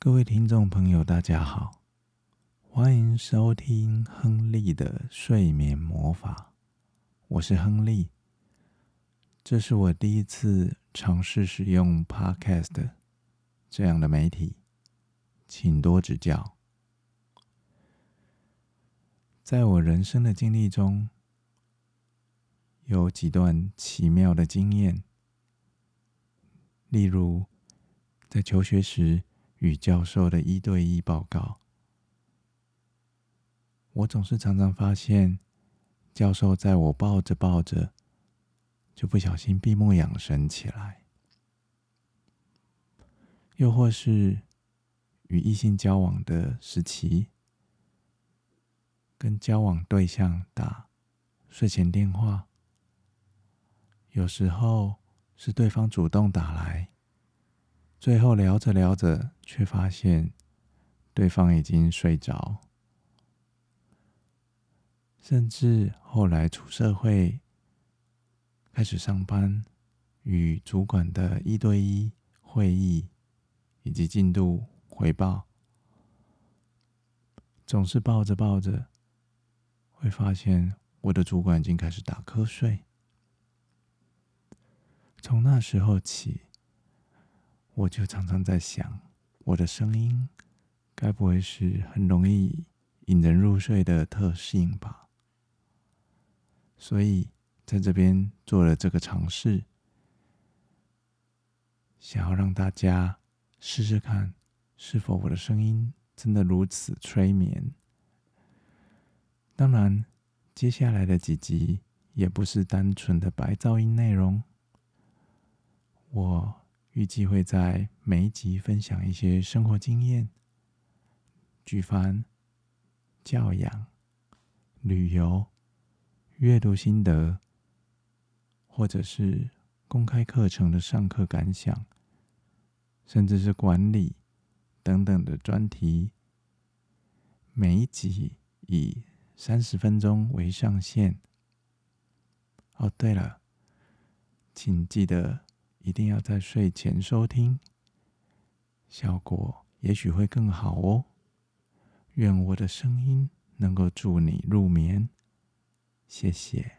各位聽眾朋友，大家好，歡迎收聽亨利的睡眠魔法。我是亨利，這是我第一次嘗試使用 Podcast 這樣的媒體，請多指教。在我人生的經歷中，有幾段奇妙的經驗，例如在求學時，與教授的一對一報告，我總是常常發現，教授在我抱着抱着，就不小心閉目養神起來；又或是與異性交往的時期，跟交往對象打睡前電話，有時候是對方主動打來。最後聊着聊着，卻發現對方已經睡着。甚至後來出社會，開始上班，與主管的一對一會議以及進度回報，總是抱着抱着，會發現我的主管已經開始打瞌睡。從那時候起。我就常常在想，我的聲音該不會是很容易引人入睡的特性吧？所以在這邊做了這個嘗試，想要讓大家試試看，是否我的聲音真的如此催眠。當然，接下來的幾集也不是單純的白噪音內容。我。預計會在每一集分享一些生活經驗、舉凡教養、旅遊、閱讀心得，或者是公開課程的上課感想，甚至是管理等等的專題。每一集以三十分鐘為上限。哦，對了，請記得。一定要在睡前收聽，效果也許會更好哦。願我的聲音能夠助你入眠。謝謝。